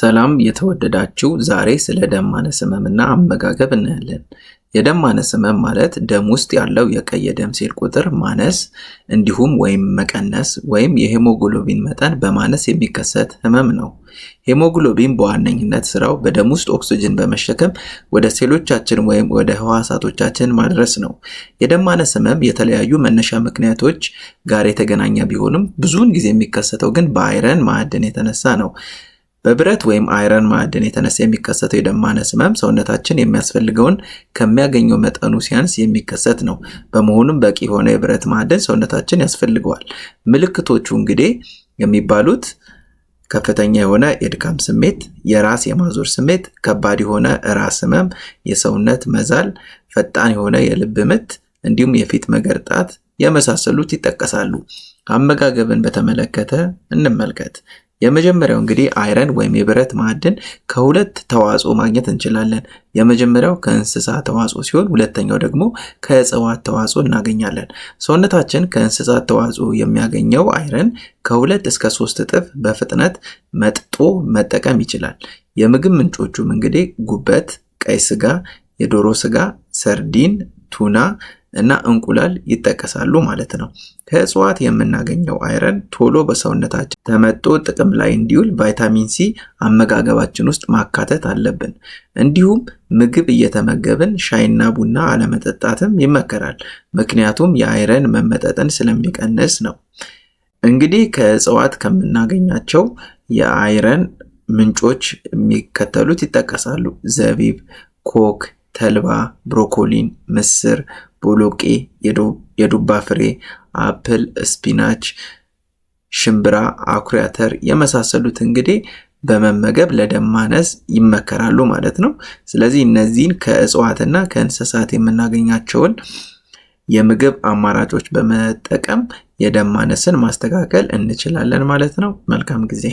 ሰላም የተወደዳችሁ፣ ዛሬ ስለ ደም ማነስ ህመምና አመጋገብ እናያለን። የደም ማነስ ህመም ማለት ደም ውስጥ ያለው የቀይ የደም ሴል ቁጥር ማነስ እንዲሁም ወይም መቀነስ ወይም የሄሞግሎቢን መጠን በማነስ የሚከሰት ህመም ነው። ሄሞግሎቢን በዋነኝነት ስራው በደም ውስጥ ኦክስጅን በመሸከም ወደ ሴሎቻችን ወይም ወደ ህዋሳቶቻችን ማድረስ ነው። የደም ማነስ ህመም የተለያዩ መነሻ ምክንያቶች ጋር የተገናኘ ቢሆንም ብዙውን ጊዜ የሚከሰተው ግን በአይረን ማዕድን የተነሳ ነው። በብረት ወይም አይረን ማዕድን የተነሳ የሚከሰተው የደም ማነስ ህመም ሰውነታችን የሚያስፈልገውን ከሚያገኘው መጠኑ ሲያንስ የሚከሰት ነው። በመሆኑም በቂ የሆነ የብረት ማዕድን ሰውነታችን ያስፈልገዋል። ምልክቶቹ እንግዲህ የሚባሉት ከፍተኛ የሆነ የድካም ስሜት፣ የራስ የማዞር ስሜት፣ ከባድ የሆነ ራስ ህመም፣ የሰውነት መዛል፣ ፈጣን የሆነ የልብ ምት እንዲሁም የፊት መገርጣት የመሳሰሉት ይጠቀሳሉ። አመጋገብን በተመለከተ እንመልከት። የመጀመሪያው እንግዲህ አይረን ወይም የብረት ማዕድን ከሁለት ተዋጽኦ ማግኘት እንችላለን። የመጀመሪያው ከእንስሳ ተዋጽኦ ሲሆን ሁለተኛው ደግሞ ከእጽዋት ተዋጽኦ እናገኛለን። ሰውነታችን ከእንስሳት ተዋጽኦ የሚያገኘው አይረን ከሁለት እስከ ሶስት እጥፍ በፍጥነት መጥጦ መጠቀም ይችላል። የምግብ ምንጮቹም እንግዲህ ጉበት፣ ቀይ ስጋ፣ የዶሮ ስጋ፣ ሰርዲን፣ ቱና እና እንቁላል ይጠቀሳሉ ማለት ነው። ከእጽዋት የምናገኘው አይረን ቶሎ በሰውነታችን ተመጦ ጥቅም ላይ እንዲውል ቫይታሚን ሲ አመጋገባችን ውስጥ ማካተት አለብን። እንዲሁም ምግብ እየተመገብን ሻይና ቡና አለመጠጣትም ይመከራል። ምክንያቱም የአይረን መመጠጥን ስለሚቀንስ ነው። እንግዲህ ከእጽዋት ከምናገኛቸው የአይረን ምንጮች የሚከተሉት ይጠቀሳሉ፦ ዘቢብ፣ ኮክ፣ ተልባ፣ ብሮኮሊን፣ ምስር፣ ቦሎቄ፣ የዱባ ፍሬ፣ አፕል፣ ስፒናች፣ ሽምብራ፣ አኩሪ አተር የመሳሰሉት እንግዲህ በመመገብ ለደም ማነስ ይመከራሉ ማለት ነው። ስለዚህ እነዚህን ከእጽዋትና ከእንስሳት የምናገኛቸውን የምግብ አማራጮች በመጠቀም የደም ማነስን ማስተካከል እንችላለን ማለት ነው። መልካም ጊዜ